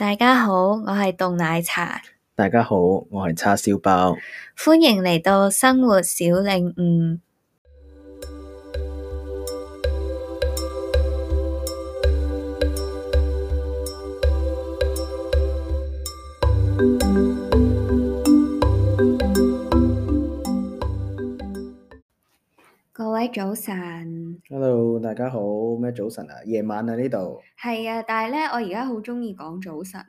大家好，我係凍奶茶。大家好，我係叉燒包。歡迎嚟到生活小領悟。各位早晨。hello，大家好咩？早晨啊，夜晚喺呢度係啊，但係咧，我而家好中意講早晨，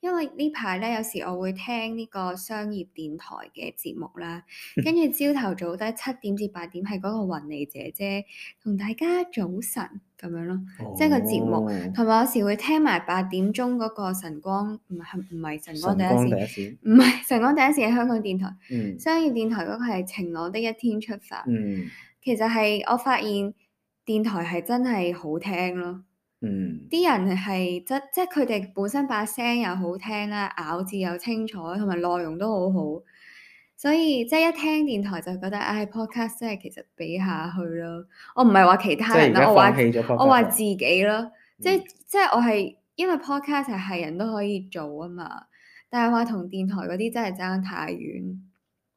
因為呢排咧，有時我會聽呢個商業電台嘅節目啦，跟住，朝頭早得七點至八點係嗰個雲妮姐姐同大家早晨咁樣咯，哦、即係個節目，同埋有時會聽埋八點鐘嗰個晨光唔係，唔係晨光第一線，唔係晨光第一線，係香港電台、嗯、商業電台嗰個係晴朗的一天出發、嗯、其實係我發現。電台係真係好聽咯，嗯，啲人係即即佢哋本身把聲又好聽啦，咬字又清楚，同埋內容都好好，所以即一聽電台就覺得，唉、啊，podcast 真係其實比下去咯。我唔係話其他人，我話說我話自己咯，嗯、即即我係因為 podcast 係人都可以做啊嘛，但係話同電台嗰啲真係差太遠，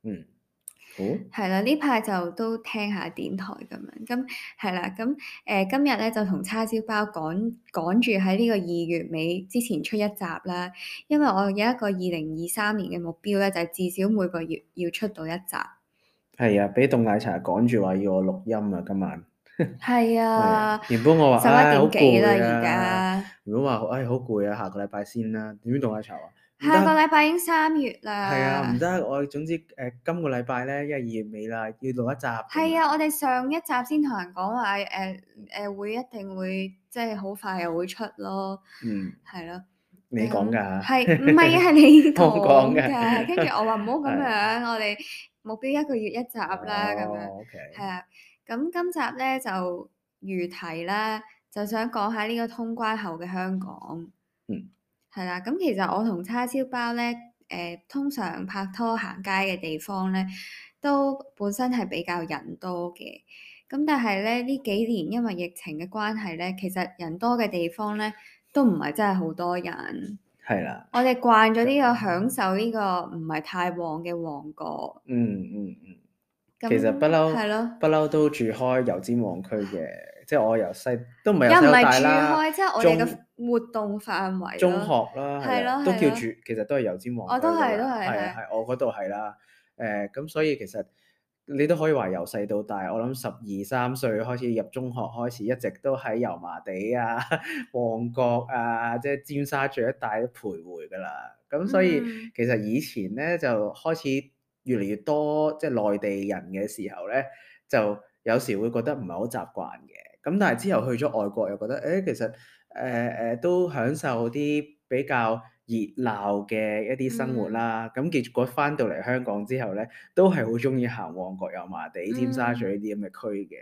嗯。係啦，呢排就都聽下電台咁樣，咁係啦，咁誒、嗯、今日咧就同叉燒包趕趕住喺呢個二月尾之前出一集啦，因為我有一個二零二三年嘅目標咧，就係、是、至少每個月要出到一集。係啊，俾凍奶茶趕住話要我錄音啊，今晚。係 啊的。的原本我話，十一點幾啦，而家。如果話，哎，好攰啊，下個禮拜先啦。點樣凍奶茶啊？下個禮拜已經三月啦，係啊，唔得，我總之誒、呃，今個禮拜咧，因為二月尾啦，要錄一集。係啊，我哋上一集先同人講話，誒、呃、誒、呃，會一定會即係好快又會出咯。嗯，係咯，你講噶，係唔係啊？係你講嘅、啊，跟住我話唔好咁樣，啊、我哋目標一個月一集啦，咁樣 ok 係啊。咁今集咧就如題啦，就想講下呢個通關後嘅香港。嗯。 係啦，咁其實我同叉燒包咧，誒、呃、通常拍拖行街嘅地方咧，都本身係比較人多嘅。咁但係咧呢幾年因為疫情嘅關係咧，其實人多嘅地方咧都唔係真係好多人。係啦的，我哋慣咗呢個的享受呢個唔係太旺嘅旺角。嗯嗯嗯，嗯嗯那其實不嬲，係咯，不嬲的的都住開油尖旺區嘅。即係我由細都唔係由大啦，即係我活動範圍中學啦，係咯，都叫住其實都係油尖旺。我都係，都係係我嗰度係啦。誒，咁所以其實你都可以話由細到大，我諗十二三歲開始入中學，開始一直都喺油麻地啊、旺角啊，即係尖沙咀一帶徘徊㗎啦。咁所以其實以前咧就開始越嚟越多即係內地人嘅時候咧，就有時會覺得唔係好習慣嘅。咁但係之後去咗外國又覺得，誒、欸、其實，誒、呃、誒、呃、都享受啲比較熱鬧嘅一啲生活啦。咁、嗯、結果翻到嚟香港之後咧，都係好中意行旺角、油麻地、尖沙咀呢啲咁嘅區嘅。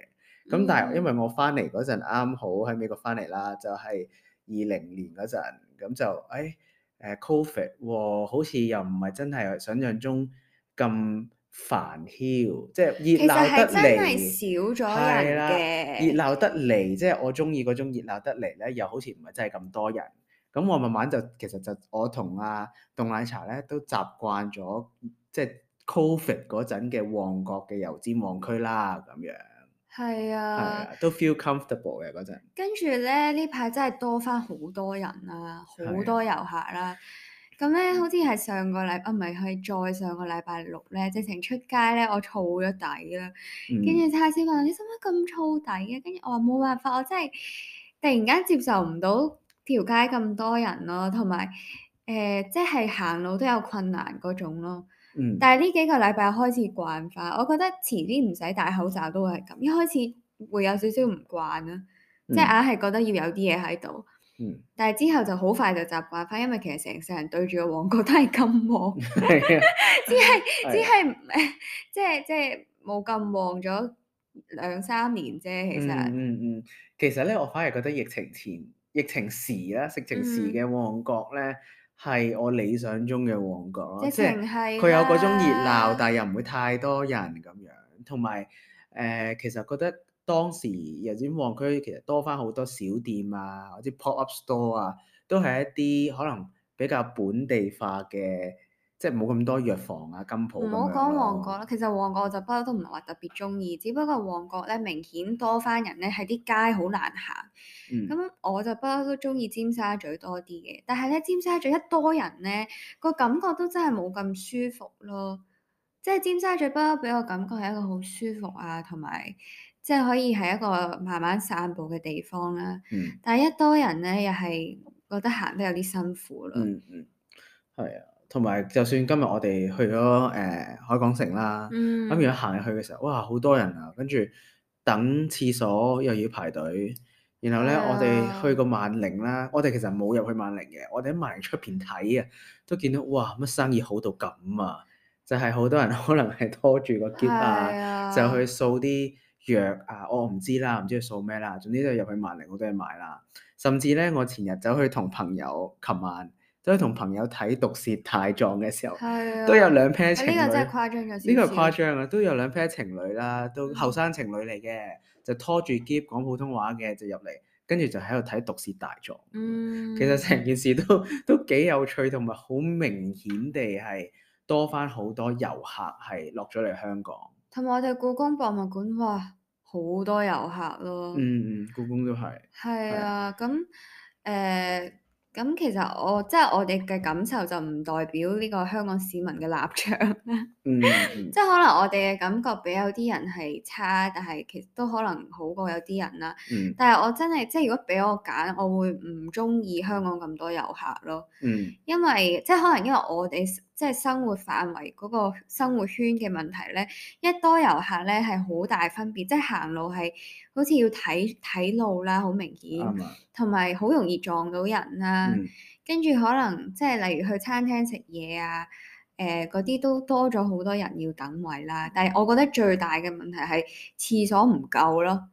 咁、嗯、但係因為我翻嚟嗰陣啱好喺美國翻嚟啦，就係二零年嗰陣，咁就，誒誒 Covid 好似又唔係真係想象中咁。煩囂，即係熱鬧得嚟，少咗人嘅熱鬧得嚟，即、就、係、是、我中意嗰種熱鬧得嚟咧，又好似唔係真係咁多人。咁我慢慢就其實就我同阿凍奶茶咧都習慣咗，即係 Covid 嗰陣嘅旺角嘅油尖旺區啦，咁樣係啊，都 feel comfortable 嘅嗰陣。跟住咧呢排真係多返好多人啦、啊，好多遊客啦、啊。咁咧，嗯嗯、好似係上個禮拜，唔係係再上個禮拜六咧，直情出街咧，我燥咗底啦。跟住太師問：你使乜咁燥底嘅？跟住我話冇辦法，我真係突然間接受唔到條街咁多人咯，同埋誒，即係行路都有困難嗰種咯。嗯、但係呢幾個禮拜開始慣化，我覺得遲啲唔使戴口罩都會係咁。一開始會有少少唔慣啦，即係硬係覺得要有啲嘢喺度。嗯、但係之後就好快就習慣返，因為其實成世人對住個、就是就是、旺角都係咁旺，只係只係誒，即係即係冇咁旺咗兩三年啫。其實，嗯嗯，其實咧，我反而覺得疫情前、疫情時啦，疫情時嘅旺角咧，係我理想中嘅旺角咯。嗯就是、即係，佢有嗰種熱鬧，嗯、但係又唔會太多人咁樣，同埋誒，其實覺得。當時尤其係旺區，其實多翻好多小店啊，或者 pop up store 啊，都係一啲可能比較本地化嘅，即係冇咁多藥房啊、金鋪。唔好講旺角啦，其實旺角我就不嬲都唔係話特別中意，只不過旺角咧，明顯多翻人咧，係啲街好難行。咁我就不嬲都中意尖沙咀多啲嘅，但係咧，尖沙咀一多人咧，個感覺都真係冇咁舒服咯，即係尖沙咀不嬲俾我感覺係一個好舒服啊，同埋。即係可以係一個慢慢散步嘅地方啦，嗯、但係一多人咧，又係覺得行得有啲辛苦咯、嗯。嗯嗯，係啊，同埋就算今日我哋去咗誒、呃、海港城啦，咁、嗯、如果行入去嘅時候，哇，好多人啊，跟住等廁所又要排隊，然後咧、啊、我哋去個萬寧啦，我哋其實冇入去萬寧嘅，我哋喺萬寧出邊睇啊，都見到哇乜生意好到咁啊！就係、是、好多人可能係拖住個喼啊，就、啊、去掃啲藥啊，我、哦、唔知啦，唔知佢掃咩啦。總之就入去萬寧好多嘢買啦。甚至咧，我前日走去同朋友，琴晚走去同朋友睇《毒舌大狀》嘅時候，係啊，都有兩 pair 情侶。呢、啊，這個真係誇張咗。呢個係誇張啊，都有兩 pair 情侶啦，都後生情侶嚟嘅，就拖住喼講普通話嘅就入嚟，跟住就喺度睇《毒舌大狀》。嗯。其實成件事都都幾有趣，同埋好明顯地係多翻好多遊客係落咗嚟香港。同埋我哋故宮博物館，哇，好多遊客咯。嗯嗯，故宮都係。係啊，咁誒、啊、咁、呃、其實我即係我哋嘅感受就唔代表呢個香港市民嘅立場。 嗯。嗯 即係可能我哋嘅感覺比有啲人係差，但係其實都可能好過有啲人啦。嗯、但係我真係即係如果俾我揀，我會唔中意香港咁多遊客咯。嗯。因為即係可能因為我哋。即係生活範圍嗰個生活圈嘅問題咧，一多遊客咧，係好大分別，即係行路係好似要睇睇路啦，好明顯，同埋好容易撞到人啦、啊。跟住、嗯、可能即係、就是、例如去餐廳食嘢啊，誒嗰啲都多咗好多人要等位啦。但係我覺得最大嘅問題係廁所唔夠咯，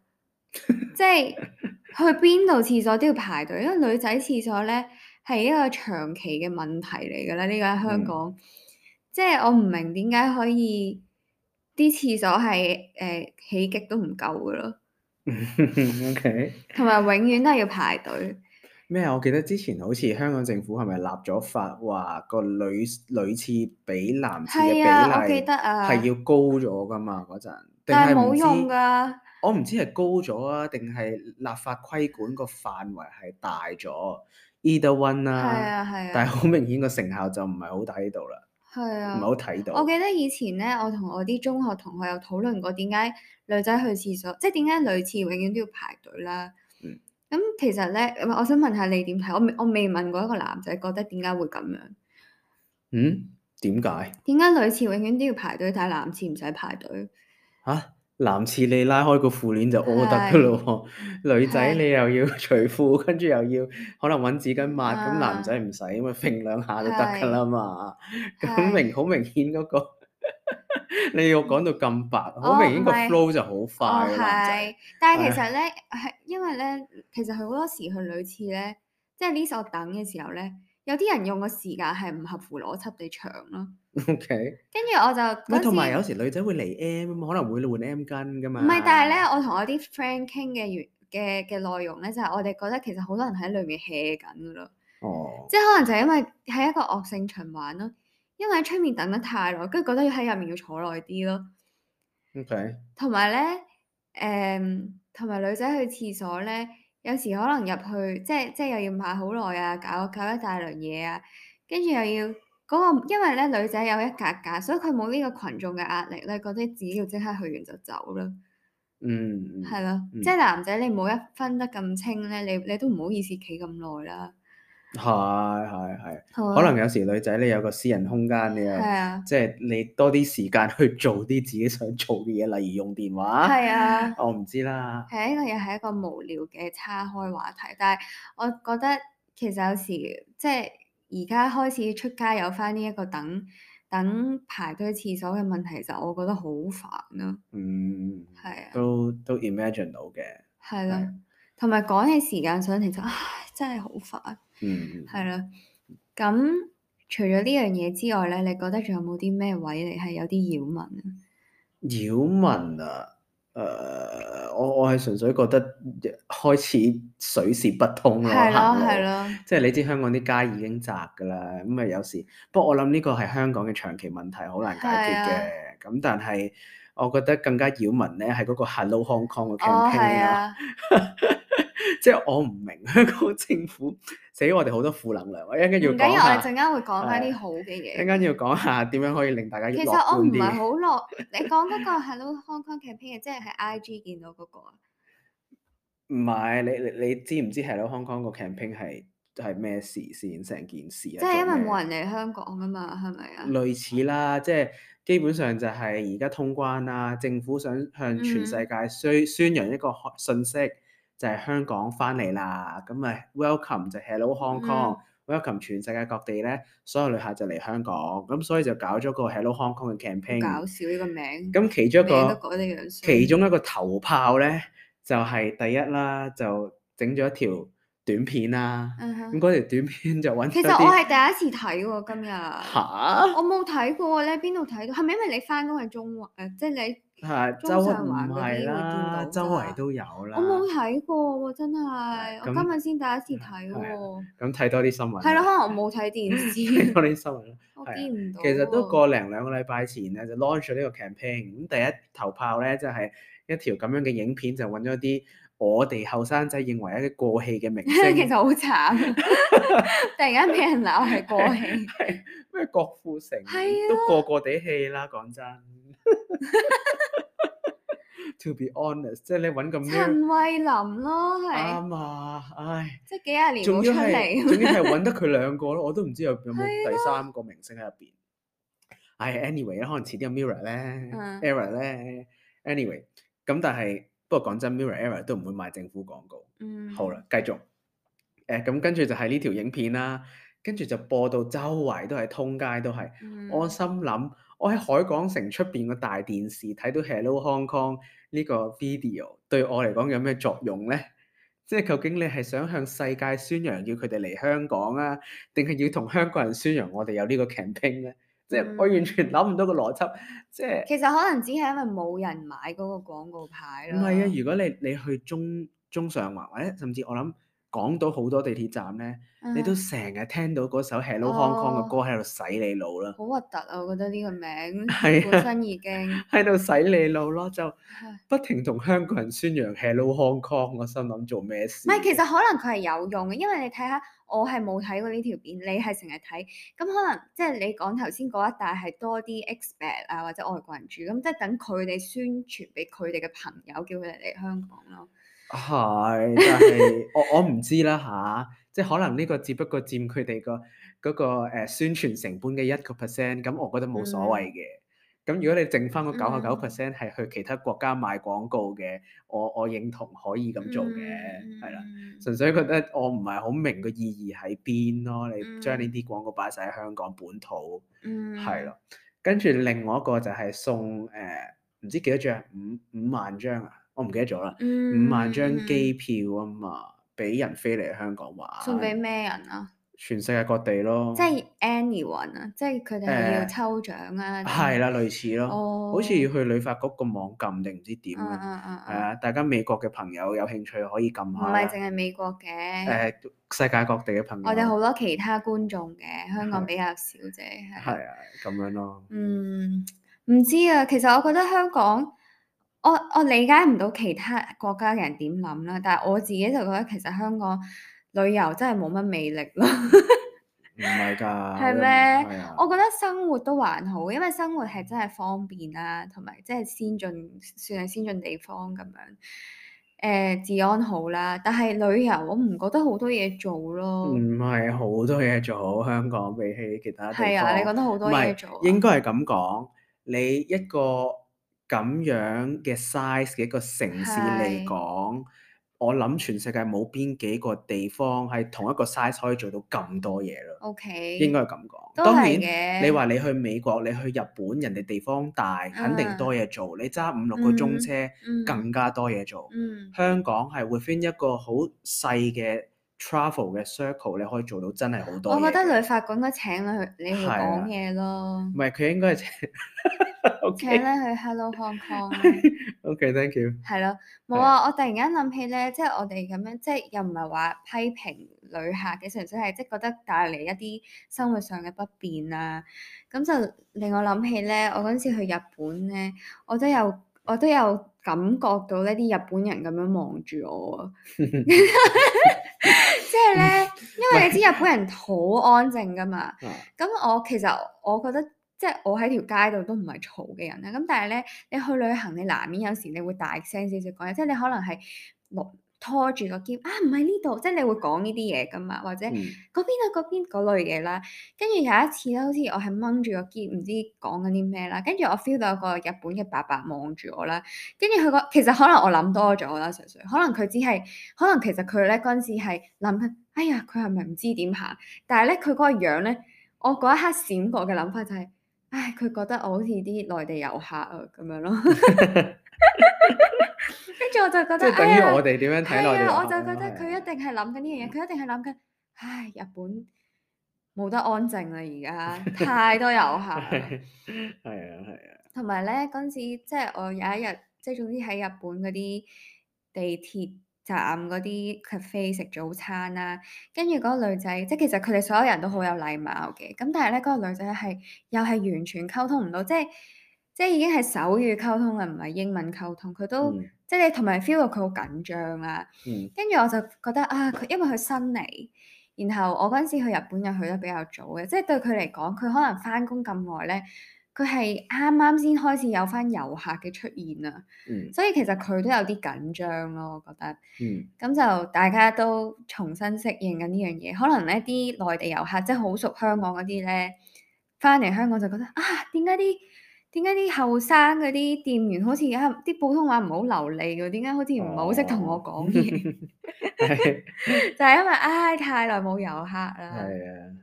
即係 去邊度廁所都要排隊，因為女仔廁所咧，係一個長期嘅問題嚟噶啦，呢個喺香港，嗯、即係我唔明點解可以啲廁所係誒、呃、起極都唔夠噶咯。O K，同埋永遠都係要排隊。咩啊？我記得之前好似香港政府係咪立咗法，話個女女廁比男廁嘅比例係、啊、我記得啊、要高咗噶嘛？嗰陣但係冇用噶。我唔知係高咗啊，定係立法規管個範圍係大咗？Either one 啊係啊，係啊，但係好明顯個成效就唔係好睇到啦。係啊，唔係好睇到。我記得以前咧，我同我啲中學同學有討論過，點解女仔去廁所，即係點解女廁永遠都要排隊啦。咁、嗯、其實咧，我想問下你點睇？我未我未問過一個男仔覺得點解會咁樣。嗯？點解？點解女廁永遠都要排隊，但係男廁唔使排隊？吓、啊？男廁你拉開個褲鏈就屙得噶咯，是女仔你又要除褲，跟住又要可能揾紙巾抹，咁、啊、男仔唔使，咁嘛？揈兩下就得噶啦嘛，咁明好是明顯嗰、那個， 你要講到咁白，好、哦、明顯個 flow 是就好快嘅、哦。但係其實咧係唉因為咧，其實佢好多時去女廁咧，即係呢首等嘅時候咧。有啲人用嘅時間係唔合乎邏輯地長咯。OK。跟住我就，同埋且時有時女仔會嚟 M，可能會換 M 巾㗎嘛。唔係，但係咧，我同我啲 friend 傾嘅原嘅嘅內容咧，就係、是、我哋覺得其實好多人喺裏面 hea 緊㗎咯。哦。Oh. 即係可能就因為係一個惡性循環咯，因為喺出面等得太耐，跟住覺得要喺入面要坐耐啲咯。OK。同埋咧，誒，同埋女仔去廁所咧。有時可能入去，即係即係又要買好耐啊，搞搞一大輪嘢啊，跟住又要嗰、嗰個，因為咧女仔有一格格，所以佢冇呢個群眾嘅壓力咧，覺得自己要即刻去完就走啦、嗯。嗯，係咯吧，嗯、即係男仔你冇一分得咁清咧，你你都唔好意思企咁耐啦。係係係，可能有時女仔咧有個私人空間嘅，即係的你多啲時間去做啲自己想做嘅嘢，例如用電話。係啊的，我唔知啦。誒，呢個又係一個無聊嘅叉開話題，但係我覺得其實有時即係而家開始出街有翻呢一個等等排隊廁所嘅問題，就我覺得好煩咯。嗯，係啊的，都都 imagine 到嘅。係咯的，同埋講起時間上，其實唉。真係好快，嗯，係啦。咁除咗呢樣嘢之外咧，你覺得仲有冇啲咩位嚟係有啲擾，擾民啊？擾民啊，誒，我我係純粹覺得開始水泄不通咯，係咯，即係你知香港啲街已經窄㗎啦，咁啊有時。不過我諗呢個係香港嘅長期問題，好難解決嘅。咁的但係我覺得更加擾民咧，係嗰個 Hello Hong Kong 嘅 campaign 啊。哦 即係我唔明香港政府死咗，我哋好多負能量，一陣間要講要我陣間會講返啲好嘅嘢。陣間要講下點樣可以令大家 其實我唔係好樂，你講嗰個 Hello，Hong Kong campaign， 即係喺 IG 見到嗰、嗰個。唔係你你你知唔知 Hello，Hong Kong 個 campaign 係咩事先成件事啊？即係因為冇人嚟香港啊嘛，係咪啊？類似啦，嗯、即係基本上就係而家通關啦，政府想向全世界宣宣揚一個信息。嗯就係香港翻嚟啦，咁咪 Welcome 就 Hello Hong Kong，Welcome、mm hmm。全世界各地咧所有旅客就嚟香港，咁所以就搞咗個 Hello Hong Kong 嘅 campaign。搞笑呢個名。咁其中一個其中一個頭炮咧，就係第一啦，就整咗條短片啦。咁嗰條短片就揾。其實我係第一次睇喎，今日。嚇哈！我冇睇過咧，邊度睇到？係咪因為你翻工係中文啊？即係你。係，周唔係啦，周圍都有啦。我冇睇過喎，真係，我今日先第一次睇喎。咁睇、啊、多啲新聞。係咯，可能我冇睇電視。睇多啲新聞，新聞、啊、我見唔到、啊。其實都個零兩個禮拜前咧，就 launch 呢個 campaign。咁第一頭炮咧，就係、是、一條咁樣嘅影片，就揾咗啲我哋後生仔認為一啲過氣嘅明星。其實好慘，突然間俾人鬧係、啊、過，過氣。咩郭富城？係都個個地氣啦，講真。To be honest，即係你搵咁陳慧琳咯，係啱啊！唉，即係幾廿年冇出嚟。仲要係，仲要係搵得佢兩個咯，我都唔知有有冇第三個明星喺入邊。唉，anyway 咧，可能遲啲有 Mirror 咧，Error 咧，anyway。咁但係，不過講真，Mirror、Error 都唔會賣政府廣告。嗯，好啦，繼續。誒，咁跟住就係呢條影片啦，跟住就播到周圍都係通街都係。我心諗。我喺海港城出邊個大電視睇到 Hello Hong Kong 呢個 video，對我嚟講有咩作用呢？即係究竟你係想向世界宣揚要佢哋嚟香港啊，定係要同香港人宣揚我哋有呢個 campaign 呢？即係我完全諗唔到個邏輯，嗯、即係其實可能只係因為冇人買嗰個廣告牌咯。唔係啊，如果你你去中中上環或者甚至我諗。講到好多地鐵站咧，uh huh. 你都成日聽到嗰首 Hello Hong Kong 嘅歌喺度洗你腦啦！好核突啊，我覺得呢個名 本身已經喺度 洗你腦咯，就不停同香港人宣揚 Hello Hong Kong。我心諗做咩事？唔係，其實可能佢係有用嘅，因為你睇下，我係冇睇過呢條片，你係成日睇。咁可能即係、就是、你講頭先嗰一帶係多啲 expert 啊，或者外國人住，咁即係等佢哋宣傳俾佢哋嘅朋友，叫佢哋嚟香港咯。係，但係我我唔知啦吓、啊，即係可能呢個只不過佔佢哋個嗰個誒宣傳成本嘅一個 percent，咁我覺得冇所謂嘅。咁、mm. 如果你剩翻嗰九十九 percent 係去其他國家賣廣告嘅，mm. 我我認同可以咁做嘅，係啦。純粹覺得我唔係好明個意義喺邊咯，你將呢啲廣告擺晒喺香港本土，係咯。跟住另外一個就係送誒，唔知幾多張？五五萬張啊！我唔記得咗啦，五萬張機票啊嘛，俾人飛嚟香港玩。送俾咩人啊？全世界各地咯。即係 anyone 啊，即係佢哋要抽獎啊。係啦，類似咯，好似要去旅發局個網撳定唔知點嘅，係啊，大家美國嘅朋友有興趣可以撳下。唔係淨係美國嘅。誒，世界各地嘅朋友。我哋好多其他觀眾嘅，香港比較少啫，係。係啊，咁樣咯。嗯，唔知啊，其實我覺得香港。我我理解唔到其他國家嘅人點諗啦，但係我自己就覺得其實香港旅遊真係冇乜魅力咯。唔係噶，係咩嗎？的我覺得生活都還好，因為生活係真係方便啦，同埋即係先進，算係先進地方咁樣。誒、呃，治安好啦，但係旅遊我唔覺得好多嘢做咯。唔係好多嘢做，香港比起其他地方。係啊，你覺得好多嘢做啊？應該係咁講，你一個。咁樣嘅 size 嘅一個城市嚟講，是我諗全世界冇邊幾個地方係同一個 size 可以做到咁多嘢咯。O Okay . K，應該係咁講。當然，你話你去美國，你去日本，人哋地方大，肯定多嘢做。Uh, 你揸五六個鐘車，uh, um, 更加多嘢做。Uh, um, 香港係活翻一個好細嘅。Travel 嘅 circle 你可以做到真係好多。我覺得旅發館應該請你，你去講嘢咯。唔係佢應該係請 O.K. 咧去 Hello Hong Kong。 O.K. Thank you。係咯，冇啊！我突然間諗起咧，即係我哋咁樣，即係又唔係話批評旅客嘅，純粹係即係覺得帶嚟一啲生活上嘅不便啊。咁就令我諗起咧，我嗰陣時去日本咧，我都有我都有。感覺到呢啲日本人咁樣望住我，即 係呢，因為你知日本人好安靜噶嘛。咁 我其實我覺得，即係我喺條街度都唔係嘈嘅人咧。咁但係呢，你去旅行，你難免有時你會大聲少少講嘢，即係你可能係。拖住個喼啊，唔係呢度，即係你會講呢啲嘢噶嘛，或者嗰、嗯、邊啊嗰邊嗰、啊、類嘢啦。跟住有一次咧，好似我係掹住個喼唔知講緊啲咩啦。跟住我 feel 到有個日本嘅伯伯望住我啦。跟住佢個其實可能我諗多咗啦，純粹，可能佢只係可能其實佢咧嗰陣時係諗緊，哎呀佢係咪唔知點行？但係咧佢嗰個樣咧，我嗰一刻閃過嘅諗法就係、是。唉，佢覺得我好似啲內地遊客啊咁樣咯，跟 住我就覺得，即係、 哎、呀我哋點樣睇內地、啊啊，我就覺得佢一定係諗緊呢樣嘢，佢 一定係諗緊，唉，日本冇得安靜啦、啊，而家太多遊客，係啊係啊，同埋咧嗰陣時，即係我有一日，即係總之喺日本嗰啲地鐵。嗰啲 cafe 食早餐啦、啊，跟住嗰個女仔，即係其實佢哋所有人都好有禮貌嘅，咁但係咧嗰個女仔係又係完全溝通唔到，即係即係已經係手語溝通啊，唔係英文溝通，佢都、嗯、即係同埋 feel 到佢好緊張啊。跟住、嗯、我就覺得啊，佢因為佢新嚟，然後我嗰陣時去日本又去得比較早嘅，即係對佢嚟講，佢可能翻工咁耐咧。佢係啱啱先開始有翻遊客嘅出現啊，嗯、所以其實佢都有啲緊張咯，我覺得，咁就、嗯、大家都重新適應緊呢樣嘢。可能呢啲內地遊客即係好熟香港嗰啲咧，翻嚟香港就覺得啊，點解啲點解啲後生嗰啲店員好似而家啲普通話唔好流利嘅，點解好似唔好識同我講嘢？ 就係因為唉、哎、太耐冇遊客啦。係啊，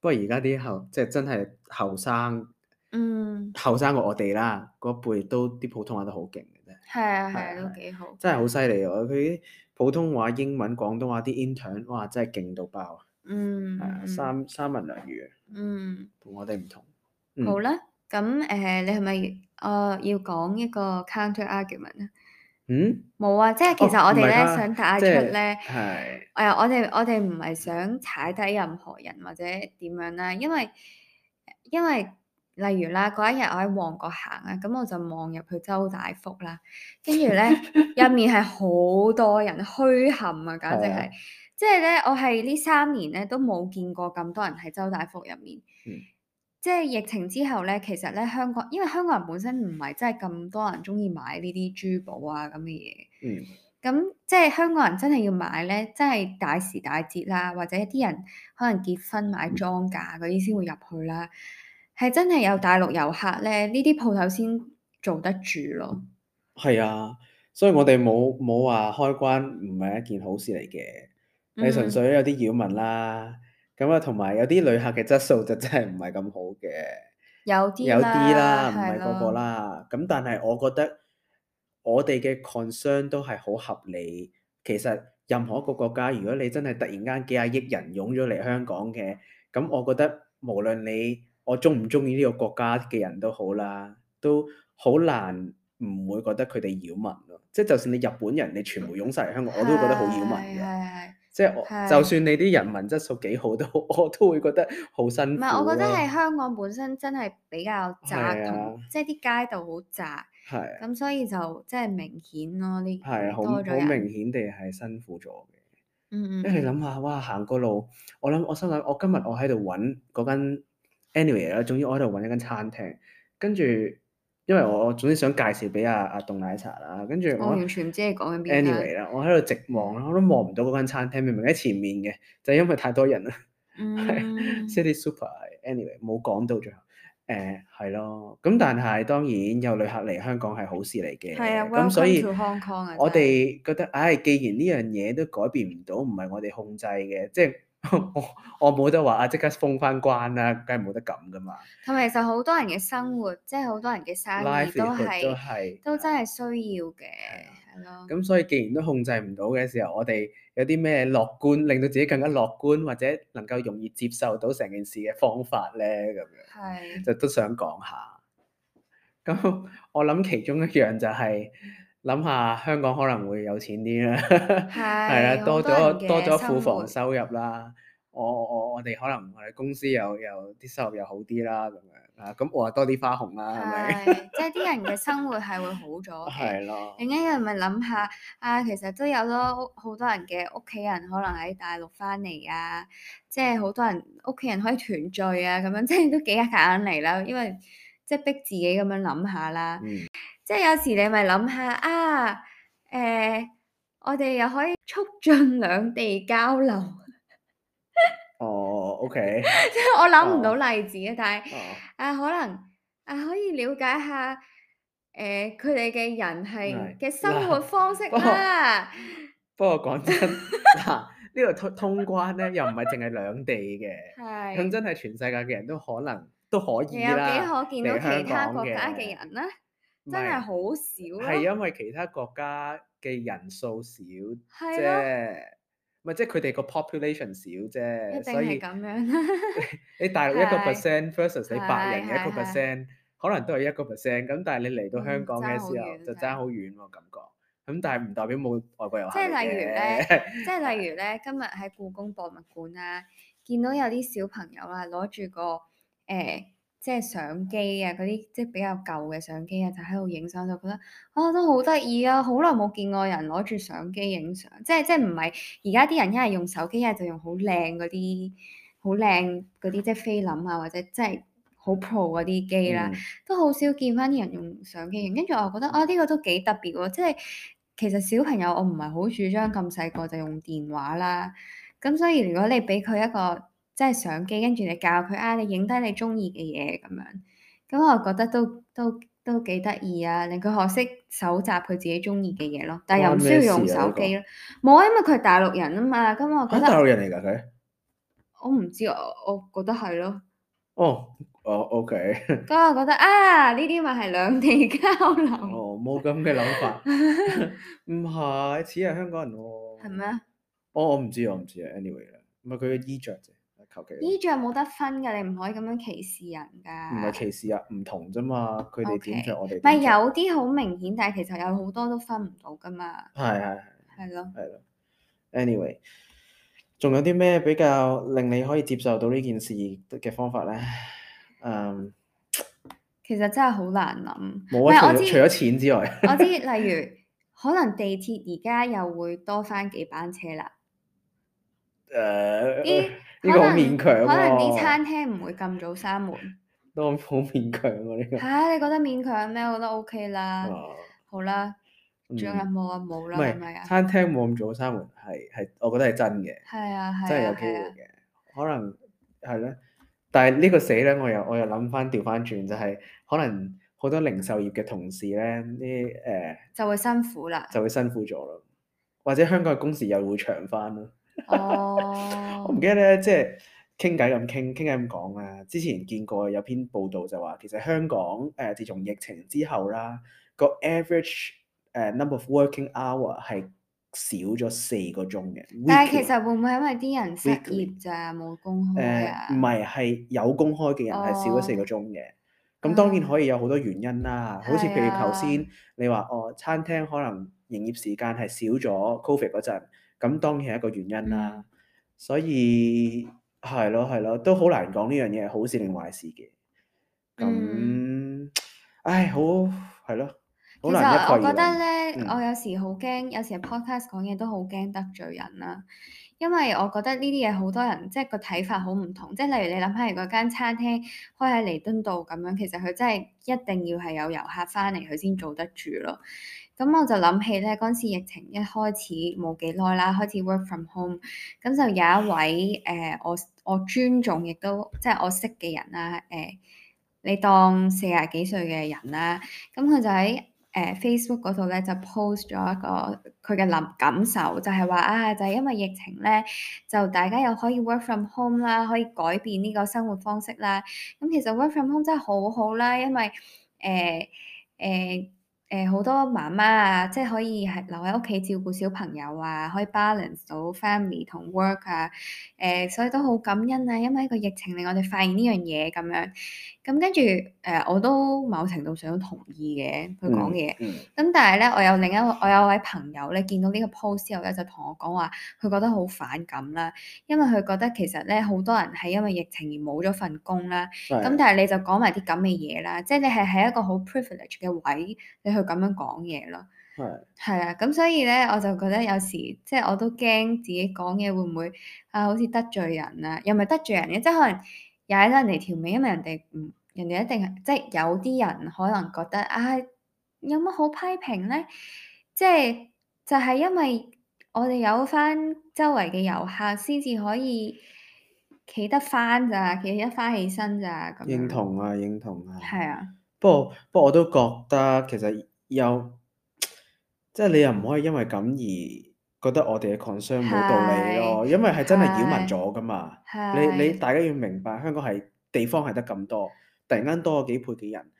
不過而家啲後即係真係後生。嗯，後生過我哋啦，嗰輩都啲普通話都好勁嘅啫。係啊，係啊，都幾好。真係好犀利啊，佢啲普通話、英文、廣東話啲 intern，哇，真係勁到爆啊！嗯，係啊，三三文兩語。嗯，同我哋唔同。好、嗯、啦，咁、嗯、誒、嗯呃，你係咪誒要講一個 counter argument、嗯、啊？嗯，冇啊，即係其實我哋咧想打出咧，係誒，我哋我哋唔係想踩低任何人或者點樣啦，因為因為。因為因為因為因為例如啦，嗰一日我喺旺角行啊，咁我就望入去周大福啦，跟住咧入面係好多人墟冚啊，簡直係，即係咧我係呢三年咧都冇見過咁多人喺周大福入面，嗯、即係疫情之後咧，其實咧香港因為香港人本身唔係真係咁多人鍾意買呢啲珠寶啊咁嘅嘢，嗯，咁即係香港人真係要買咧，真係大時大節啦，或者一啲人可能結婚買裝嫁嗰啲先會入去啦。係真係有大陸遊客咧，呢啲鋪頭先做得住咯。係啊，所以我哋冇冇話開關唔係一件好事嚟嘅，你純、嗯、粹有啲擾民啦。咁啊，同埋有啲旅客嘅質素就真係唔係咁好嘅，有啲有啲啦，唔係的個個啦。咁但係我覺得我哋嘅 concern 都係好合理。其實任何一個國家，如果你真係突然間幾廿億人湧咗嚟香港嘅，咁我覺得無論你。我中唔中意呢個國家嘅人都好啦，都好難唔會覺得佢哋擾民咯。即係就算你日本人，你全部湧晒嚟香港，我都覺得好擾民嘅。即係就算你啲人民質素幾好，都我都會覺得好辛苦。唔係，我覺得係香港本身真係比較窄，的即係啲街道好窄。係的。咁所以就即係明顯咯，呢係好好明顯地係辛苦咗。嗯，嗯嗯。一係諗下，哇，行個路，我諗，我心諗，我今日我喺度揾嗰間。Anyway 啦，終於我喺度搵一間餐廳，跟住因為我總之想介紹俾阿阿凍奶茶啦，跟住我、哦、完全唔知你講緊邊 anyway 啦，我喺度直望啦，我都望唔到嗰間餐廳，明明喺前面嘅，就係、是、因為太多人啦。嗯。City Super 是 anyway 冇講到最後，誒、欸、係咯，咁但係當然有旅客嚟香港係好事嚟嘅。係啊，咁所以，Welcome to Hong Kong, 我哋覺得唉、哎，既然呢樣嘢都改變唔到，唔係我哋控制嘅，即係。 我冇得話啊！即刻封翻關啦，梗係冇得咁噶嘛。同埋其實好多人嘅生活，即係好多人嘅生意都係、就是、都真係需要嘅，係咯。咁所以既然都控制唔到嘅時候，我哋有啲咩樂觀，令到自己更加樂觀，或者能夠容易接受到成件事嘅方法咧，咁樣係就都想講下。咁 我諗其中一樣就係、是。諗下香港可能會有錢啲啦，係 啊是，多咗了多咗庫房收入啦。我我我哋可能我哋公司又又啲收入又好啲啦咁樣啊，咁我啊多啲花紅啦，係咪？即係啲人嘅生活係會好咗。係咯 的。另一樣咪諗下啊，其實都有多好多人嘅屋企人可能喺大陸翻嚟啊，即係好多人屋企人可以團聚啊，咁樣即係都幾夾硬嚟啦。因為即係、就是、逼自己咁樣諗下啦。嗯即係有時你咪諗下啊，誒，我哋又可以促進兩地交流。哦，OK。即係我諗唔到例子嘅，但係啊，可能啊可以了解下誒，佢哋嘅人係嘅生活方式啦。不過講真，嗱，呢個通通關咧，又唔係淨係兩地嘅，咁真係全世界嘅人都可能都可以啦。你有幾可見到其他國家嘅人咧？真係好少，係因為其他國家嘅人數少，即係唔係即係佢哋個 population 少啫，所以咁樣。你大陸一個 percent versus 你白人嘅一個 percent，可能都係一個 percent，咁但係你嚟到香港嘅時候就爭好遠喎，感覺。咁但係唔代表冇外國人。即係例如咧，即係例如咧，今日喺故宮博物館啊，見到有啲小朋友啊攞住個誒。即係相機啊，嗰啲即係比較舊嘅相機啊，就喺度影相就覺得啊都好得意啊，好耐冇見過人攞住相機影相，即係即係唔係而家啲人一係用手機，一係就用好靚嗰啲好靚嗰啲即係菲林啊，或者即係好 pro 嗰啲機啦，嗯、都好少見翻啲人用相機影。跟住我又覺得啊呢、呢個都幾特別喎、啊，即係其實小朋友我唔係好主張咁細個就用電話啦，咁所以如果你俾佢一個。即係相機，跟住你教佢啊，你影低你中意嘅嘢咁樣，咁我覺得都都都幾得意啊！令佢學識搜集佢自己中意嘅嘢咯，但係又唔需要用手機咯。冇啊，因為佢係大陸人啊嘛，咁我覺得大陸人嚟㗎佢。我唔知，我我覺得係咯。哦，哦，OK。咁我覺得啊，呢啲咪係兩地交流。哦，冇咁嘅諗法。唔係，似係香港人喎。係咩？我我唔知，我唔知啊。Anyway 啦，唔係佢嘅衣著啫。衣著冇得分嘅，你唔可以咁樣歧視人噶。唔係歧視啊，唔同啫嘛。佢哋點着我哋咪、okay. 有啲好明顯，但係其實有好多都分唔到噶嘛。係係係。係 的咯。係咯。Anyway，仲有啲咩比較令你可以接受到呢件事嘅方法咧？誒、um,，其實真係好難諗。冇係我知，除咗錢之外，我知，我知，例如可能地鐵而家又會多翻幾班車啦。誒、呃。 呢個好勉強，可能啲餐廳唔會咁早閂門，都好勉強啊呢個。吓，你覺得勉強咩？我覺得 OK 啦，好啦，仲有冇啊？冇啦，係咪啊？餐廳冇咁早閂門，係係，我覺得係真嘅，係啊，啊真係有機會嘅、啊啊啊就是，可能係咯。但係呢個死咧，我又我又諗翻調翻轉，就係可能好多零售業嘅同事咧，啲誒、呃、就會辛苦啦，就會辛苦咗啦，或者香港嘅工時又會長翻咯。哦，oh. 我唔記得咧，即係傾偈咁傾，傾偈咁講啊。之前見過有篇報道就話，其實香港誒、呃、自從疫情之後啦，個 average 誒 number of working hour 係少咗四個鐘嘅。但係其實會唔會因為啲人失業咋冇工開？誒唔係，係有工開嘅人係少咗四個鐘嘅。咁、oh. 當然可以有好多原因啦，oh. 好似譬如頭先你話哦，餐廳可能營業時間係少咗，covid 嗰陣。咁當然係一個原因啦，嗯、所以係咯係咯，都好難講呢樣嘢係好事定壞事嘅。咁唉好係咯，好難一其實我，我覺得咧，嗯、我有時好驚，有時喺 Podcast 講嘢都好驚得罪人啦。因為我覺得呢啲嘢好多人即係個睇法好唔同，即係例如你諗翻起嗰間餐廳開喺彌敦道咁樣，其實佢真係一定要係有遊客翻嚟佢先做得住咯。咁我就諗起咧，嗰陣時疫情一開始冇幾耐啦，開始 work from home，咁就有一位誒、呃，我我尊重亦都即係、就是、我識嘅人啦，誒、呃，你當四十幾歲嘅人啦，咁佢就喺誒、呃、Facebook 嗰度咧就 post 咗一個佢嘅諗感受，就係、是、話啊，就是、因為疫情咧，就大家又可以 work from home 啦，可以改變呢個生活方式啦，咁其實 work from home 真係好好啦，因為誒誒。呃呃誒，好、呃、多媽媽啊，即係可以係留喺屋企照顧小朋友啊，可以 balance 到 family 同 work 啊，誒、呃，所以都好感恩啊，因為呢個疫情令我哋發現呢樣嘢咁樣。咁、嗯嗯、跟住，誒、呃，我都某程度上同意嘅佢講嘢。嗯。咁、嗯、但係咧，我有另一個我有位朋友咧，見到呢個 post 之後咧，就同我講話，佢覺得好反感啦，因為佢覺得其實咧，好多人係因為疫情而冇咗份工啦。係的。咁、嗯、但係你就講埋啲咁嘅嘢啦，即係你係喺一個好 privilege 嘅位。佢咁樣講嘢咯，係係啊，咁所以咧，我就覺得有時即係我都驚自己講嘢會唔會啊，好似得罪人啊？又咪得罪人嘅、啊？即係可能踩咗人哋條尾，因為人哋唔人哋一定係即係有啲人可能覺得啊，有乜好批評咧？即係就係、係、因為我哋有翻周圍嘅遊客先至可以企得翻咋，企得一翻起身咋咁。認同啊，認同啊，係啊。不過不過我都覺得其實有，即係你又唔可以因為咁而覺得我哋嘅 concern 冇道理咯，因為係真係擾民咗㗎嘛。是你，你大家要明白，香港係地方係得咁多，突然間多咗幾倍嘅人，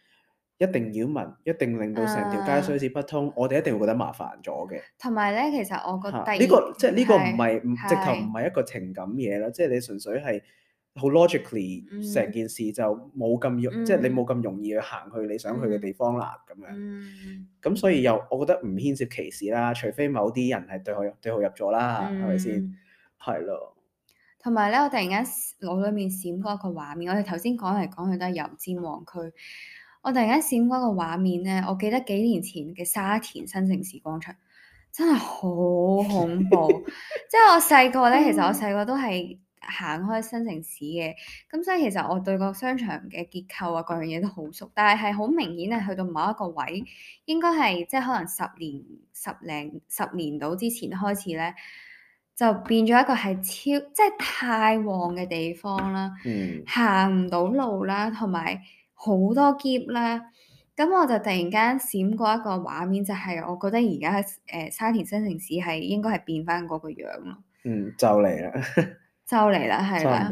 一定擾民，一定令到成條街水泄不通。啊、我哋一定會覺得麻煩咗嘅。同埋咧，其實我覺得呢、啊呢個是即係呢個唔係是直頭唔係一個情感嘢啦，即係你純粹係。好 logically 成件事就冇咁容易，即係你冇咁容易去行去你想去嘅地方啦，咁樣。咁所以又，我覺得唔牽涉歧視啦，除非某啲人係對佢對號入咗啦，係咪先？係咯。同埋咧，我突然間腦裏面閃過一個畫面，我哋頭先講嚟講去都係油尖旺區。我突然間閃過一個畫面咧，我記得幾年前嘅沙田新城市廣場真係好恐怖。即係我細個咧，其實我細個都係。行開新城市嘅，咁所以其實我對個商場嘅結構啊，各樣嘢都好熟。但係係好明顯咧，去到某一個位，應該係即係可能十年十零十年到之前開始咧，就變咗一個係超即係、就是、太旺嘅地方啦。嗯。了了行唔到路啦，同埋好多喼啦。咁我就突然間閃過一個畫面，就係、是、我覺得而家誒沙田新城市係應該係變返嗰個樣咯。嗯，就嚟啦～ 就嚟啦，係啦，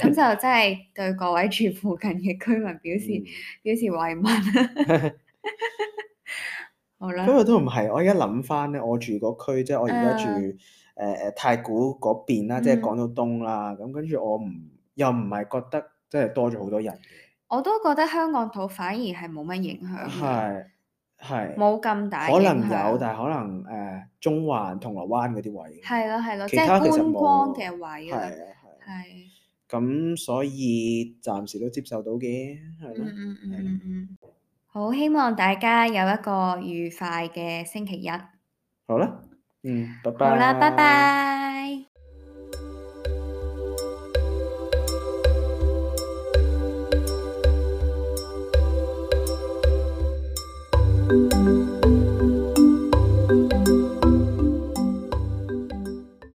咁就真係對各位住附近嘅居民表示、嗯、表示慰問。 好啦吧，不過都唔係，我而家諗翻咧，我住嗰區，即係我而家住誒誒、uh, 呃、太古嗰邊啦，即係港島東啦，咁跟住我唔又唔係覺得即係多咗好多人，我都覺得香港島反而係冇乜影響。係，冇咁大影響。可能有，但係可能誒中環、銅鑼灣嗰啲位。係咯係咯，即係觀光嘅位。係啊係。係。咁所以暫時都接受到嘅，係咯。嗯嗯嗯嗯嗯。好，希望大家有一個愉快嘅星期一。好啦，嗯，拜拜。好啦，拜拜。